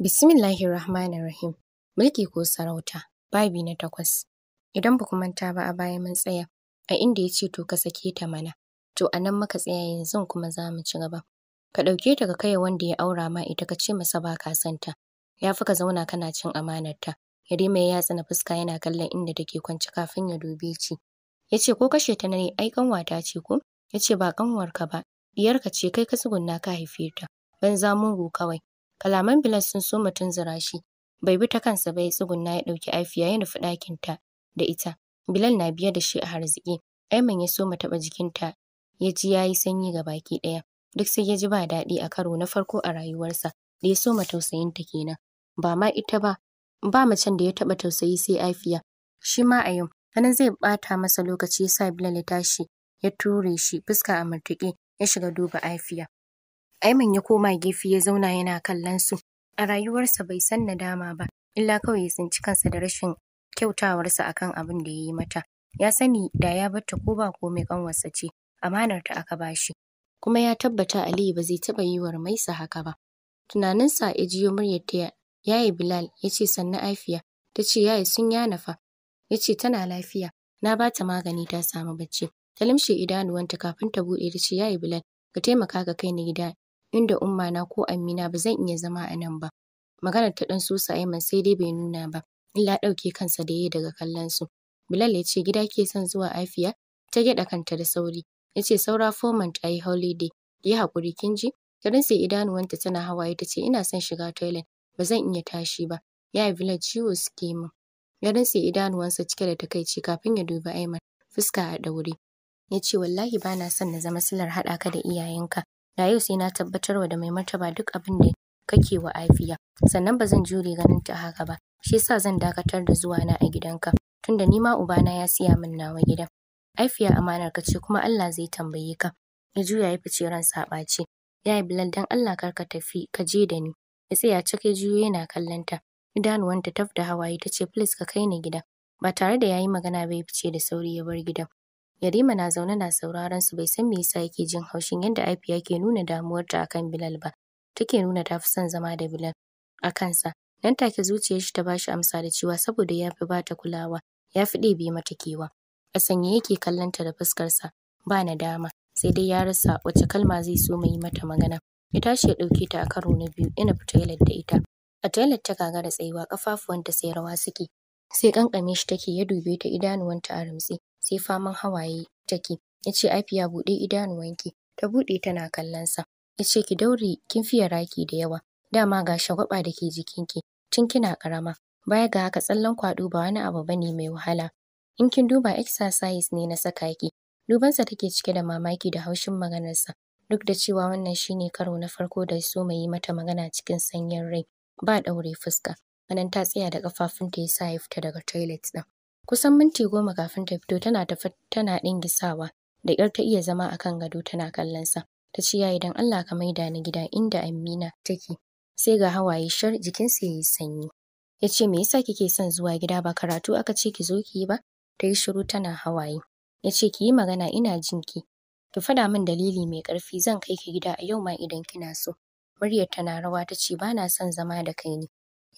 Bismillahir Rahmanir Rahim. Mulki ko sarauta, babi na takwas. Idan ba manta ba a baya mun tsaya, a inda ya ce to ka sake ta mana. To a nan maka tsaya yanzu kuma za mu ci gaba. Ka ɗauke ta ka kai wanda ya aura ma ita ka ce masa ba ka san ta. Ya fi ka zauna kana cin amanar ta. Yarima ya yatsa na fuska yana kallon inda take kwance kafin ya dube ci. Ya ce ko kashe ta ne ai kanwata ce ko? Ya ce ba ka ba, diyarka ce kai ka tsugunna ka haife ta. Banza mugu kawai. Kalaman Bilas sun so mutun zira shi. Bai bi ta kansa ba ya tsugunna ya ɗauki Afiya ya nufi ɗakinta da ita. Bilal na biya da shi a harziki. Aiman ya so taɓa jikinta. Ya ji ya yi sanyi ga baki ɗaya. Duk sai ya ji ba daɗi a karo na farko a rayuwarsa. Da ya so ta kenan. Ba ma ita ba. Ba macen da ya taɓa tausayi sai Afiya. Shi ma a yau. Hannun zai ɓata masa lokaci ya Bilal ya tashi. Ya ture shi fuska a murtuƙe. Ya shiga duba Afiya. Aiman ya koma gefe ya zauna yana kallon su. A rayuwarsa bai san nadama ba, illa kawai ya tsinci kansa da rashin kyautawarsa akan abin da ya yi mata. Ya sani da ya batta ko ba komai kanwarsa ce, amanarta aka bashi. Kuma ya tabbata Aliyu ba zai taɓa yi wa sa haka ba. Tunaninsa ya jiyo muryar ta yaye Bilal ya ce sannu Afiya, ta ce yaye sun yana nafa, Ya ce tana lafiya, na ba ta magani ta samu bacci. Ta limshe idanuwanta kafin ta buɗe ta ce yaye Bilal, ka taimaka ka kai ni gida inda umma na ko Amina ba zan iya zama a nan ba. Maganar ta ɗan sosa Aiman sai dai bai nuna ba, illa ɗauke kansa da yayi daga kallon su. Bilal ya ce gida ke son zuwa Afiya, ta gyaɗa kanta da sauri. Ya ce saura four month a yi holiday, yi haƙuri kin ji? Ta idanuwanta tana hawaye ta ce ina son shiga toilet, ba zan iya tashi ba. Ya Bilal ciwo suke min. Ya rintse idanuwansa cike da takaici kafin ya dubi Aiman, fuska a ɗaure. Ya ce wallahi ba na son na zama silar haɗa ka da iyayenka. da yau sai na tabbatarwa da mai martaba duk abin da kake wa Afiya sannan ba zan jure ganin ta haka ba shi yasa zan dakatar da zuwa na a gidanka tunda ni ma ubana ya siya min nawa gidan Afiya amanar ka ce kuma Allah zai tambaye ka ya juya ya fice ran ya yayi Bilal dan Allah kar ka tafi ka je da ni ya tsaya cike ya juyo yana kallon ta idanuwanta taf da hawaye tace please ka kai ni gida ba tare da yayi magana ba ya fice da sauri ya bar gidan Yarima na zaune na sauraron su bai san me yasa yake jin haushin yadda Afiya ke nuna damuwar damuwarta akan Bilal ba. Take nuna ta fi son zama da Bilal a kansa. Nan take zuciyar shi ta bashi amsa da cewa saboda ya fi bata kulawa, ya fi ɗebe mata kewa. A sanye yake kallon ta da fuskarsa, ba na dama sai dai ya rasa wace kalma zai so mai mata magana. Ya tashi ya ɗauke ta a karo na biyu, yana fita da ita. A toilet ta gagara tsayuwa, ƙafafuwanta sai rawa suke. Sai ƙanƙame shi take ya dube ta idanuwanta a rumtse. sai faman hawaye take. Ya ce Afiya buɗe wanki. Ta buɗe tana kallonsa. Ya ce ki daure kin fiye raki da yawa. Dama ga shagwaɓa da ke jikinki. Tun kina ƙarama. Baya ga haka tsallan kwado ba wani abu bane mai wahala. In kin duba exercise ne na saka ki. Dubansa take cike da mamaki da haushin maganarsa. Duk da cewa wannan shine karo na farko da su mai yi mata magana cikin sanyin rai. Ba daure fuska. anan ta tsaya da ƙafafunta ya sa ya fita daga toilet ɗin. Kusan minti goma kafin ta fito tana tafe tana ɗingisawa, da ƙyar ta iya zama akan gado tana kallon sa. Ta ce yayi dan Allah ka maida ni gida inda Amina take. Sai ga hawaye shar jikinsa yayi sanyi. yace ce me yasa kike son zuwa gida ba karatu aka ce ki zo ki ba? Ta yi shiru tana hawaye. yace ce ki yi magana ina jin ki. Ki faɗa min dalili mai ƙarfi zan kai ki gida a yau ma idan kina so. Muryar tana rawa ta ce ba na son zama da kai ne.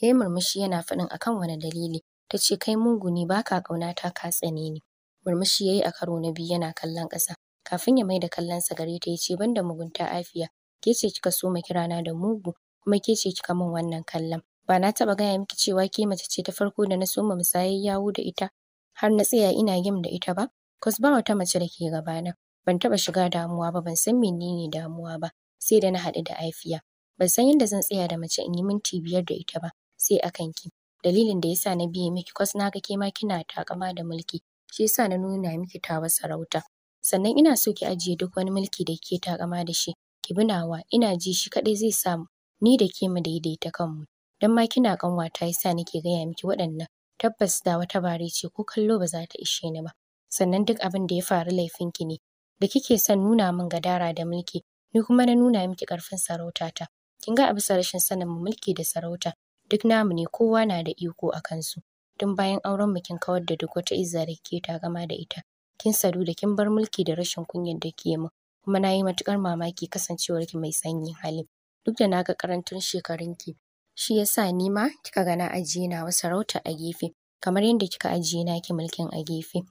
Ya yi murmushi yana faɗin akan wani dalili. ta ce kai mugu ne ba ka ta ka tsane ne Murmushi ya yi a karo na biyu yana kallon ƙasa. Kafin ya mai da sa, gare ta ya ce ban da mugunta afiya. Ke ce kika so ma kirana da mugu kuma ke ce kika min wannan kallon. Ba na taɓa gaya miki cewa ke mace ce ta farko da na so ma musayar yawo da ita har na tsaya ina gim da ita ba. Kwas ba wata mace da ke gabana. Ban taɓa shiga damuwa ba ban san menene damuwa ba sai da na haɗu da afiya. Ban san yadda zan tsaya da mace in yi minti biyar da ita ba sai akan ki. dalilin da yasa na biye miki kwas na ga ke ma kina takama da mulki shi yasa na nuna miki tawa sarauta sannan ina so ki ajiye duk wani mulki da kike takama da shi ki bi nawa ina ji shi kadai zai samu ni da ke mu daidaita kanmu dan ma kina kanwa ta yasa nake gaya miki waɗannan tabbas da wata bare ce ko kallo ba za ta ishe ni ba sannan duk abin da ya faru laifin ki ne da kike son nuna min gadara da mulki ni kuma na nuna miki sarauta sarautata kin ga a bisa rashin sanin mu mulki da sarauta duk namu ne kowa na da iko a kansu tun bayan auren mu kin kawar da duk wata izza da kike ta gama da ita kin sadu da kin bar mulki da rashin kunyar da kike mu. kuma na yi matukar mamaki kasancewar ki mai sanyi hali duk da naga karantun shekarun ki shi yasa ni ma kika ga na ajiye nawa sarauta a gefe kamar yadda kika ajiye ki mulkin a gefe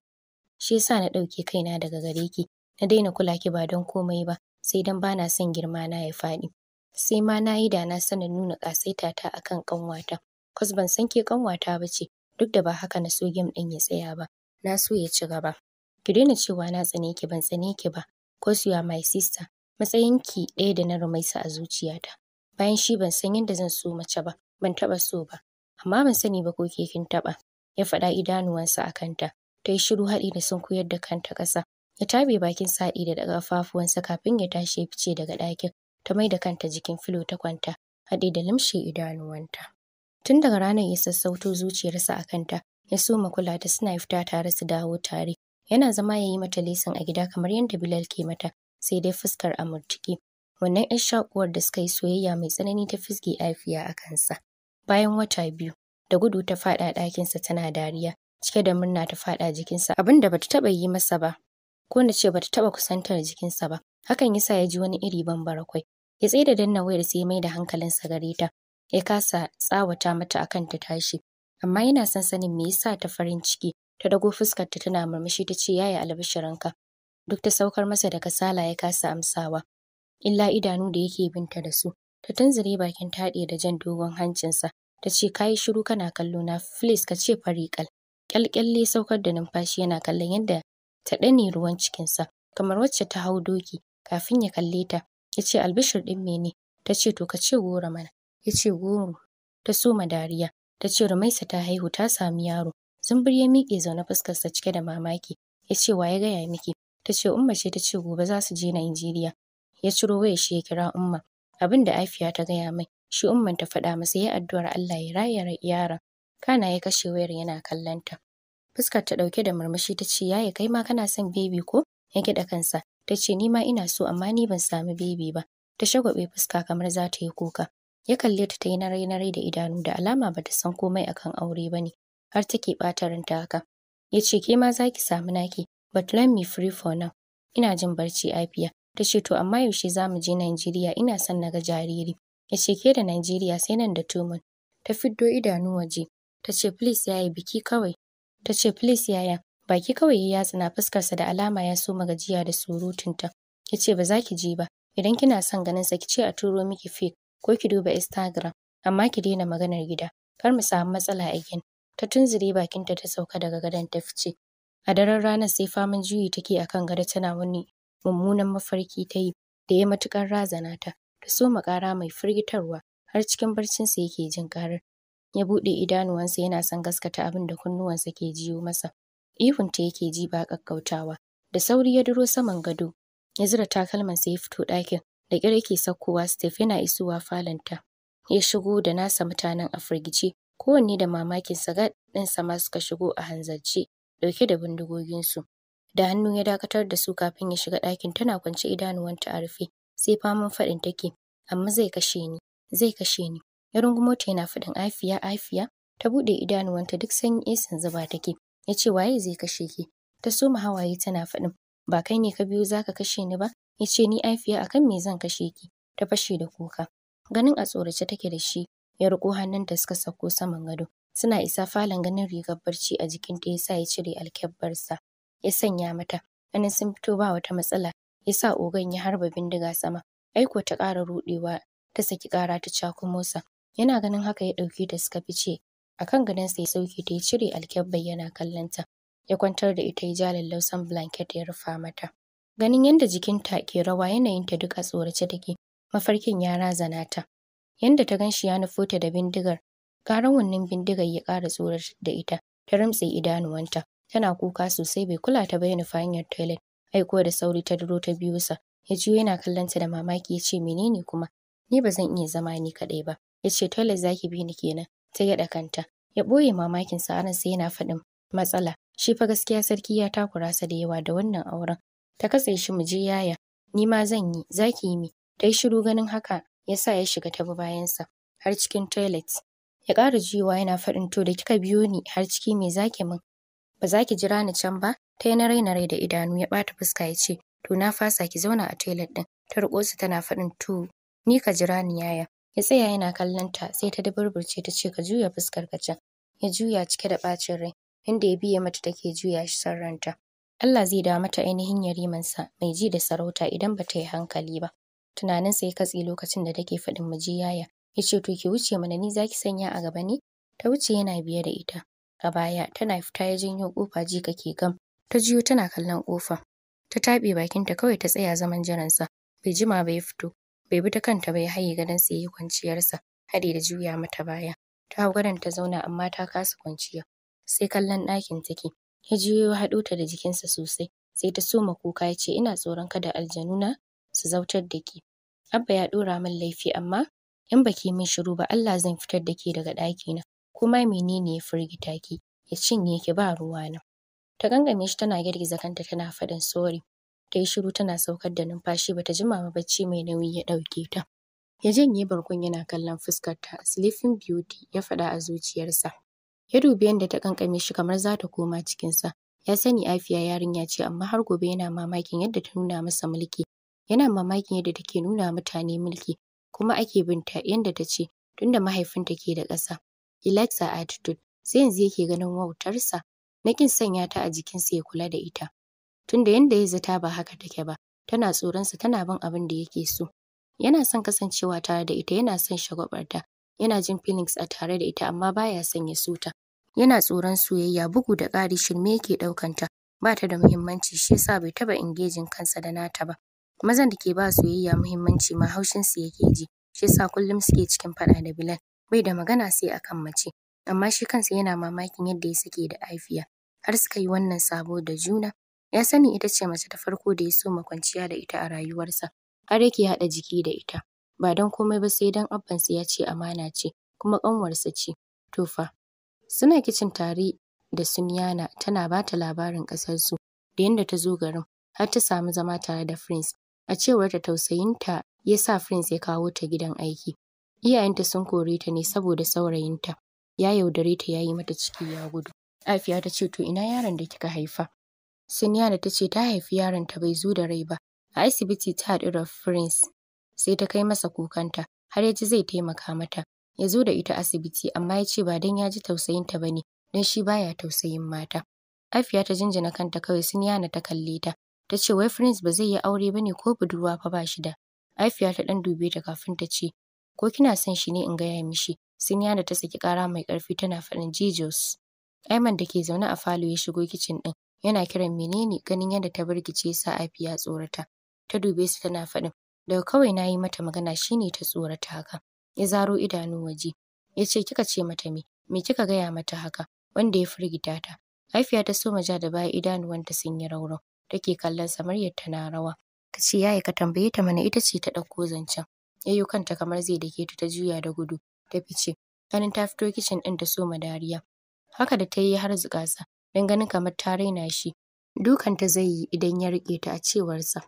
shi yasa na ɗauke kaina daga gare ki na daina kula ki ba don komai ba sai dan bana son girma na ya faɗi sai ma na yi da na sanin nuna ƙasaitata a kan ƙanwata. Kwas ban san ke ƙanwata ba ce, duk da ba haka na so gem ɗin ya tsaya ba, na so ya ci gaba. Ki daina cewa na tsane ki ban tsane ki ba, kwas you my sister, matsayinki ɗaya da na rumaisa a zuciyata. Bayan shi ban san yadda zan so mace ba, ban taɓa so ba, amma ban sani ba ko ke kin taɓa. Ya faɗa idanuwansa a kanta, ta yi shiru haɗi da sun koyar da kanta ƙasa. Ya tabe bakin saɗi da ƙafafuwansa kafin ya tashi ya fice daga ɗakin. ta maida kanta jikin filo ta kwanta haɗe da limshe idanuwanta tun daga ranar ya sassauto zuciyarsa a kanta ya soma kula ta suna fita tare su dawo tare yana zama ya yi mata lesin a gida kamar yadda Bilal ke mata sai dai fuskar a murtuki. wannan yar shakuwar da suka yi soyayya mai tsanani ta fisge aifiya a kansa bayan wata biyu da gudu ta faɗa ɗakinsa tana dariya cike da murna ta faɗa jikinsa abinda bata taɓa yi masa ba ko na ce bata taɓa kusantar jikinsa ba hakan yasa ya ji wani iri bambara kwai ya tsaye da danna wayar sai ya mai da hankalinsa gare ta ya kasa tsawata mata akan ta tashi amma yana son sanin me yasa ta farin ciki ta dago fuskar ta tana murmushi ta ce yaya albishirinka duk ta saukar masa da kasala ya kasa amsawa illa idanu da yake binta da su ta tunzure bakin taɗe da jan dogon hancinsa ta ce kayi shiru kana kallo na please ka ce fari kal kyalkyalle saukar da numfashi yana kallon yadda ta ɗane ruwan cikinsa kamar wacce ta hau doki kafin ya kalle ta Ya ce albishir ɗin mene? Ta ce to ka ce goro mana. Ya ce goro. Ta soma dariya. Ta ce Rumaisa ta haihu ta sami yaro. Zumbir ya miƙe zaune fuskarsa cike da mamaki. Ya ce wa ya gaya miki? Ta ce Umma ce ta ce gobe za su je Najeriya. Ya ciro waya shi ya kira Umma. Abin da Afiya ta gaya mai, shi Umman ta faɗa masa ya addu'ar Allah ya raya yaron. Kana ya kashe wayar yana kallon Fuskar ta ɗauke da murmushi ta ce yaya kai ma kana son bebi ko? Ya kiɗa kansa. Ta ce ni ma ina so amma ni ban sami bebi ba. Ta shagwabe fuska kamar za ta yi kuka. Ya kalle ta ta yi narai-narai da idanu da alama ba ta san komai akan aure ba ne. Har take ɓata ta haka. Ya ce ke ma za ki samu naki. But let me free for now. Ina jin barci Afiya. Ta ce to amma yaushe za mu je Najeriya ina son na ga jariri. Ya ce ke da Najeriya sai nan da tumun. Ta fiddo idanu waje. Ta ce please yaya biki kawai. Ta ce please yaya Baki kawai ya yatsa, na fuskarsa da alama ya soma gajiya da surutunta. Ya ce ba za ki je ba, idan kina son sa, ki ce a turo miki fake ko ki duba Instagram, amma ki daina maganar gida, kar mu samu matsala a gin. Ta tunzure bakinta ta sauka daga gadon ta fice. A daren ranar sai faman juyi take akan gado tana wani mummunan mafarki ta yi da ya matukar razana ta. Ta soma kara mai firgitarwa har cikin barcinsa yake jin ƙarar. Ya buɗe idanuwansa yana son gaskata abin da kunnuwansa ke jiyo masa. ihunta yake ji ba kakkautawa da sauri ya duro saman gado ya zira takalman sai ya fito ɗakin da ƙyar yake sakkowa Steph yana isuwa falanta ya shigo da nasa mutanen a firgice kowanne da mamakin sagat ɗinsa ma suka shigo a hanzarce ɗauke da bindigoginsu da hannu ya dakatar da su kafin ya shiga ɗakin tana kwance idanuwanta a rufe sai faman faɗin take amma zai kashe ni zai kashe ni ya rungumo yana faɗin afiya afiya ta buɗe idanuwanta duk sanyi esin zuba take ya ce waye zai kashe ki ta soma hawaye tana faɗin ba kai ne ka biyo zaka kashe ni ba ya ce ni afiya akan me zan kashe ki ta fashe da kuka ganin a tsorace take da shi ya riko hannun da suka sako saman gado suna isa falon ganin rigar barci a jikin ya sa ya cire alkyabbarsa ya sanya mata ganin sun fito ba wata matsala ya sa ogan ya harba bindiga sama aiko ta ƙara ruɗewa ta saki ƙara ta cakumosa yana ganin haka ya ɗauki da suka fice Akan kan gadonsa ya sauke ta ya cire alkyabbar yana kallonta. Ya kwantar da ita ya ja lallausan blanket ya rufa mata. Ganin yadda jikinta ke rawa yanayin ta duka tsorace take, mafarkin ya razana ta. Yadda ta ganshi ya nufo ta da bindigar, karan wannan bindigar ya ƙara tsorar da ita, ta rumtse idanuwanta. Tana kuka sosai bai kula ta bayyana hanyar toilet, aiko da sauri ta duro ta biyo sa. Ya ji yana kallonta da mamaki ya ce menene kuma? Ni ba zan iya zama ni kaɗai ba. Ya ce toilet zaki bi ni kenan. ta yaɗa kanta. Ya ɓoye mamakin sa a sai yana faɗin matsala. Shi fa gaskiya sarki ya takura sa da yawa da wannan auren. Ta katse shi mu je yaya. Ni ma zan yi, za ki yi mi. Ta yi shiru ganin haka ya sa ya shiga ta bayansa har cikin toilet. Ya ƙara jiwa yana faɗin to da kika biyo ni har ciki me zaki min. Ba za ki jira ni can ba, ta yi na rai da idanu ya ɓata fuska ya ce to na fasa ki zauna a toilet ɗin. Ta roƙo tana faɗin to ni ka jira ni yaya. Ya tsaya yana kallon ta sai ta duburburce ta ce ka juya fuskar ka can. Ya juya cike da ɓacin rai inda ya biye mata take juya shi san ranta. Allah zai dawo mata ainihin yarimansa mai ji da sarauta idan ba ta yi hankali ba. Tunaninsa ya katse lokacin da take faɗin miji yaya. Ya ce to ki wuce mana ni zaki sanya a gaba ne? Ta wuce yana biye da ita. A baya tana fita ya janyo kofa ji kake gam. Ta jiyo tana kallon ƙofa. Ta taɓe bakinta kawai ta tsaya zaman jiransa. Bai jima ba ya fito. Bai bi ta kanta ba ya haye gadonsa ya yi kwanciyarsa, hade da juya mata baya. Ta hau gadon ta zauna amma ta kasa kwanciya. Sai kallon ɗakin take. Ya juyo ya haɗo ta da jikinsa sosai. Sai ta soma kuka ya ce ina tsoron kada aljanuna su zautar da ke. Abba ya ɗora min laifi amma in baki min shiru ba Allah zan fitar da ke daga ɗakina. Kuma menene ya firgita ki? Ya cinye ki ba ruwa na. Ta gangame shi tana girgiza kanta tana faɗin sorry. Ta yi shiru tana saukar da numfashi bata jima ba bacci mai nauyi ya ɗauke ta. Ya janye barkon yana kallon fuskarta. Sleeping Beauty ya faɗa a zuciyarsa. Ya dubi yadda ta kankame shi kamar za ta koma cikinsa. Ya sani Afiya yarinya ce amma har gobe yana mamakin yadda ta nuna masa mulki. Yana mamakin yadda take nuna mutane mulki kuma ake binta yadda ta ce tunda mahaifinta ke da ƙasa. He likes her attitude. Sai yanzu yake ganin wautarsa na ƙin sanya ta a jikinsa ya kula da ita. tunda yanda ya zata ba haka take ba tana tsoronsa tana bin abin da yake so yana son kasancewa tare da ita yana son shagabarta. yana jin feelings a tare da ita amma baya son ya suta yana tsoron soyayya bugu da ƙari shirme yake ɗaukanta ba ta da muhimmanci shi yasa bai taɓa engaging kansa da nata ba mazan da ke ba soyayya muhimmanci ma haushin su yake ji shi yasa kullum suke cikin faɗa da bilan. bai da magana sai akan mace amma shi kansa yana mamakin yadda ya sake da Afiya har suka yi wannan sabo da juna Ya sani ita ce mace ta farko da ya so kwanciya da ita a rayuwarsa, har yake haɗa jiki da ita. Ba don komai ba sai don abbansa ya ce amana ce, kuma ƙanwarsa ce. To suna kicin tare da Sunyana tana ba ta labarin ƙasarsu da yadda ta zo garin har ta samu zama tare da Prince. A cewar ta tausayinta ya sa Prince ya kawo ta gidan aiki. Iyayenta sun kore ta ne saboda saurayinta. Ya yaudare ta ya yi mata ciki ya gudu. Afiya ta ce to ina yaron da kika haifa? Siniya da ta ce ta haifi yaron ta bai zo da rai ba. A asibiti ta haɗu da Prince. Sai ta kai masa kukanta, har ya ji zai taimaka mata. Ya zo da ita asibiti, amma ya ce ba don ya ji tausayinta ba ne, don shi baya tausayin mata. Afiya ta jinjina kanta kawai Siniya na ta kalle ta. Ta ce wai Prince ba zai yi aure ba ne ko budurwa fa ba shi da. Afiya ta ɗan dube ta kafin ta ce, ko kina son shi ne in gaya mishi. Siniya da ta saki ƙara mai ƙarfi tana faɗin jijos. Aiman da ke zaune a falo ya shigo kicin ɗin yana kiran menene ganin yadda ta birgice sa a ya tsorata. Ta dube su tana faɗin daga kawai na yi mata magana shine ta tsorata haka. Ya zaro idanu waje. Ya ce kika ce mata me? Me kika gaya mata haka? Wanda ya firgita ta. Afiya ta soma ja da baya idanuwanta sun yi raurau. Take kallon samaryar ta na rawa. kace ce yaya ka tambaye ta mana ita ce ta ɗauko zancen. Yayyo kanta kamar zai dake ta ta juya da gudu. Ta fice. Ganin ta fito kicin ɗin da soma dariya. Haka da ta yi har zugasa. don ganin kamar ta raina shi. Dukanta zai yi idan ya riƙe ta a cewarsa.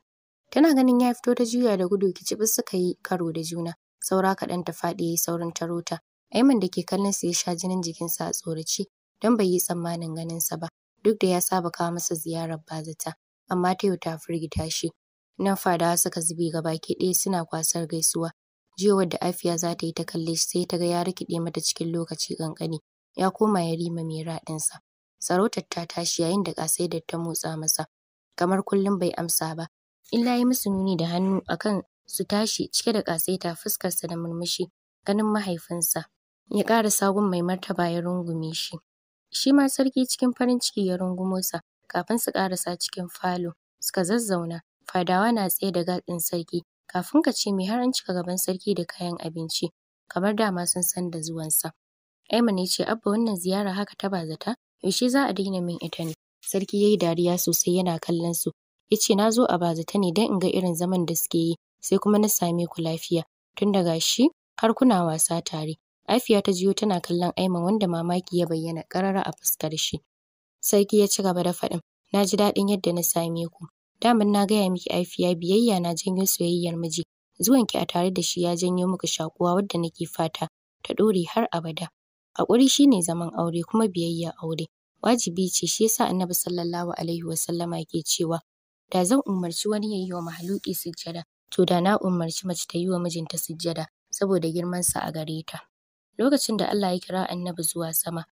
Tana ganin ya fito ta juya da gudu kicibis suka yi karo da juna. Saura kaɗan ta faɗi ya yi saurin taro ta. Aiman da ke kallon sa ya sha jinin jikinsa a tsoraci, don bai yi tsammanin ganinsa ba. Duk da ya saba kawo masa ziyarar bazata. Amma ta yau ta firgita shi. Nan fadawa suka zube ga baki ɗaya suna kwasar gaisuwa. jiya da Afiya za ta yi ta kalle shi sai ta ga ya rikide mata cikin lokaci ƙanƙani. Ya koma ya rima mai raɗinsa. Sarautar ta tashi yayin da da ta motsa masa. Kamar kullum bai amsa ba. Illa ya musu nuni da hannu akan su tashi cike da ƙasaita fuskarsa da murmushi ganin mahaifinsa. Ya ƙara sagun mai martaba ya rungume shi. Shi ma sarki cikin farin ciki ya rungumo sa kafin su ƙarasa cikin falo. Suka zazzauna. Fadawa na tsaye da gaɗin sarki. Kafin ka ce me har an cika gaban sarki da kayan abinci. Kamar dama sun san da zuwansa. Aiman ya ce Abba wannan ziyara haka ta bazata yaushe za a daina min ita ne sarki yayi dariya sosai yana kallon su yace zo a bazata ne dan in ga irin zaman da suke yi sai kuma na same ku lafiya tun daga shi har kuna wasa tare Afiya ta jiyo tana kallon Aiman wanda mamaki ya bayyana karara a fuskar shi sarki ya ci gaba da faɗin na ji daɗin yadda na same ku damin na gaya miki Afiya biyayya na janyo soyayyar miji zuwanki a tare da shi ya janyo muku shakuwa wadda nake fata ta ɗore har abada Haƙuri shi ne zaman aure kuma biyayya aure. Wajibi ce shi yasa Annabi Sallallahu Alaihi sallama yake cewa, da zan umarci wani ya yi wa mahaluƙi sujjada, to da na umarci mace ta yi wa mijinta sujjada, saboda girmansa a gare ta. Lokacin da Allah ya kira Annabi zuwa sama,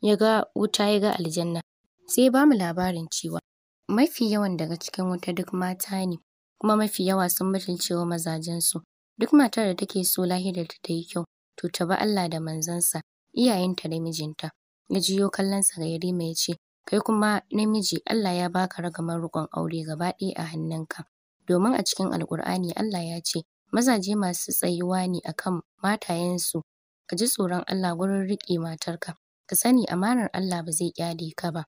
ya ga wuta ya ga aljanna, sai ya ba mu labarin cewa, mafi yawan daga cikin wuta duk mata ne, kuma mafi yawa sun cewa wa mazajensu. Duk matar da take so lahirarta ta yi kyau, to ta bi Allah da manzansa, iyayenta da mijinta. Ya jiyo sa ga Yarima ya ce, Kai kuma namiji Allah ya baka ragamar riƙon aure gaba ɗaya a hannunka. Domin a cikin Alƙur'ani Allah ya ce, Mazaje masu tsayuwa ne akan matayensu. Ka ji tsoron Allah gurin riƙe matarka. Ka sani amanar Allah ba zai ƙyale ka ba.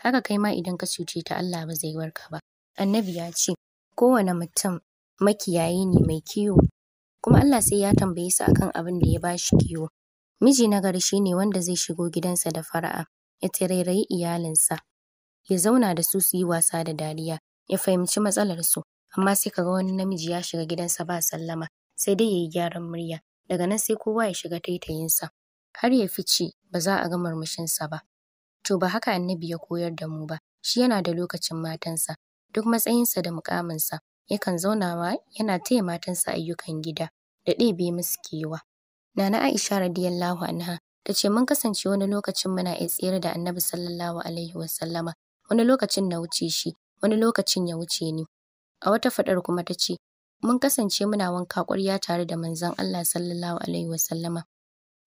Haka kai ma idan ka cuce ta Allah ba zai warka ba. Annabi ya ce, Kowane mutum makiyayi ne mai kiwo kuma Allah sai ya tambaye su akan abin da ya bashi kiwo Miji na gari ne wanda zai shigo gidansa da fara'a, ya tirairayi iyalinsa, ya zauna da su su yi wasa da dariya, ya fahimci matsalarsu, amma sai ka ga wani namiji ya shiga gidansa ba sallama, sai dai ya yi gyaran murya, daga nan sai kowa ya shiga taitayinsa, har ya fice ba za a ga murmushinsa ba. To ba haka annabi ya koyar da mu ba, shi yana da lokacin matansa, duk matsayinsa da mukaminsa. yakan zaunawa yana taya matansa ayyukan gida da ɗebe musu kewa. Nana Aisha radiyallahu anha ta ce mun kasance wani lokacin muna iya tsere da Annabi sallallahu alaihi sallama wani lokacin na wuce shi wani lokacin ya wuce ni. A wata fadar kuma ta ce mun kasance muna wanka ƙwarya tare da manzon Allah sallallahu alaihi sallama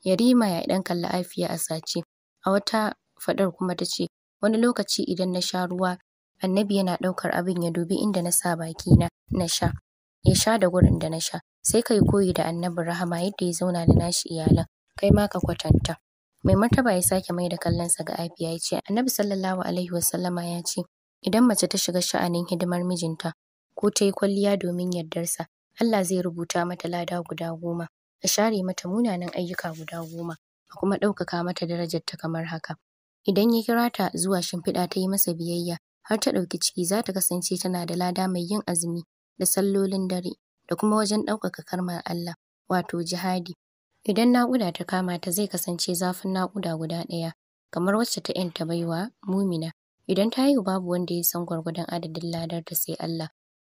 Yarima ya idan kalli Afiya a sace. A wata fadar kuma ta ce wani lokaci idan na sha ruwa Annabi yana ɗaukar abin ya dubi inda na sa bakina na sha. Ya sha da gurin da na sha. sai ka koyi da Annabi rahama yadda ya zauna da nashi iyalan kai ma ka kwatanta mai martaba ya sake mai da kallonsa ga Afiya ya ce annabi sallallahu alaihi wasallama ya ce idan mace ta shiga sha'anin hidimar mijinta ko ta yi kwalliya domin yardarsa Allah zai rubuta mata lada guda goma a share mata munanan ayyuka guda goma a kuma ɗaukaka mata darajar ta kamar haka idan ya kira ta zuwa shimfiɗa ta yi masa biyayya har ta ɗauki ciki za ta kasance tana da lada mai yin azumi da sallolin dare da kuma wajen ɗaukaka kalmar Allah, wato jihadi. Idan naƙuda ta kama ta zai kasance zafin naƙuda guda ɗaya, kamar wacce ta ta baiwa, mumina. Idan ta haihu babu wanda ya san gwargwadon adadin ladar ta sai Allah,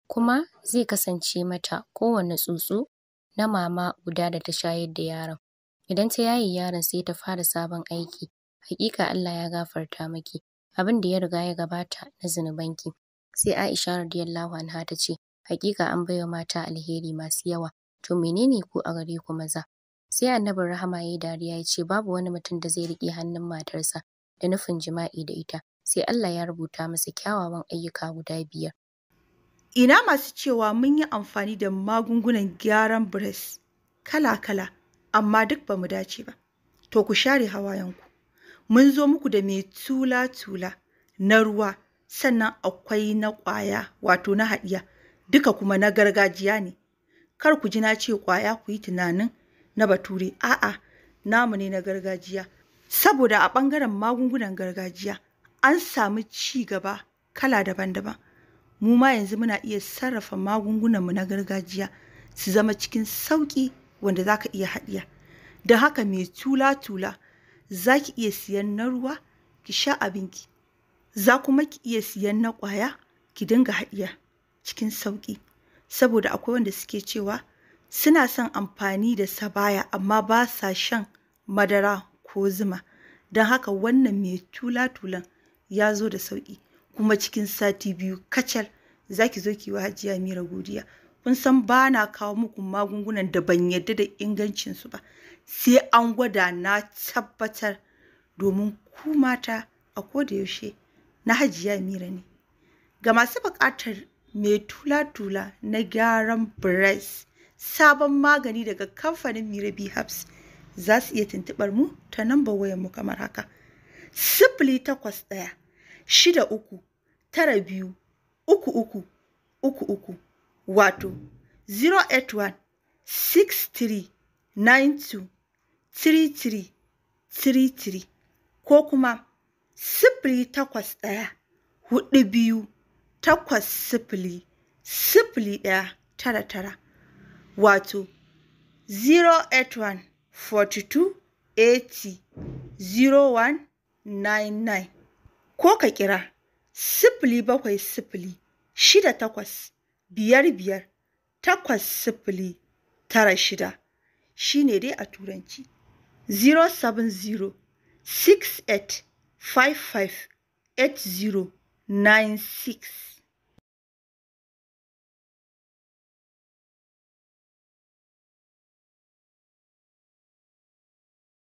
kuma zai kasance mata kowane tsutsu na mama guda da ta shayar da yaron. Idan ta yaye yaron sai ta fara sabon aiki, hakika Allah ya gafarta maki, abin da ya riga ya gabata na zunubanki. Sai Aisha radiyallahu anha ta ce, Hakika an baiwa mata alheri masu yawa. To menene ko a gare ku maza? Sai Annabin Rahama yayi dariya yace babu wani mutum da zai rike hannun matarsa da nufin jima'i da ita sai Allah ya rubuta masa kyawawan ayyuka guda biyar. Ina masu cewa mun yi amfani da magungunan gyaran breast kala-kala amma duk bamu dace ba. To ku share hawayenku. Mun zo muku da mai tula-tula na ruwa sannan akwai na ƙwaya wato na haɗiya duka kuma na gargajiya ne kar ku ji na ce kwaya ku yi tunanin na bature a'a namu ne na gargajiya saboda a ɓangaren magungunan gargajiya an samu ci gaba kala daban-daban mu ma yanzu muna iya sarrafa magungunanmu na gargajiya su zama cikin sauƙi wanda za ka iya haɗiya da haka mai tula-tula za ki iya siyan na ruwa ki sha abinki za kuma ki iya siyan na ƙwaya ki dinga haɗiya cikin sauƙi saboda akwai wanda suke cewa suna son amfani da sabaya amma ba sa shan madara ko zuma don haka wannan mai tula-tulan ya zo da sauƙi kuma cikin sati biyu kacal za ki zo ki hajiya mira godiya kun san ba na kawo muku magungunan da ban yarda da ingancinsu ba sai an gwada na tabbatar domin ku mata a koda yaushe na hajiya mira ne ga masu buƙatar mai tula-tula na gyaran breast sabon magani daga kamfanin Mirabi Herbs za su iya tuntuɓar mu ta wayan mu kamar haka. Sifili takwas ɗaya, shida uku, tara biyu, uku uku, uku uku, wato 081 63 92 33 33 ko kuma sifili takwas ɗaya, hudu biyu, takwas sifili sifili ɗaya tara tara wato 081 42 80 0199 ko ka kira sifili bakwai sifili shida takwas biyar biyar takwas sifili tara shida shi ne dai a turanci 070 6855 8096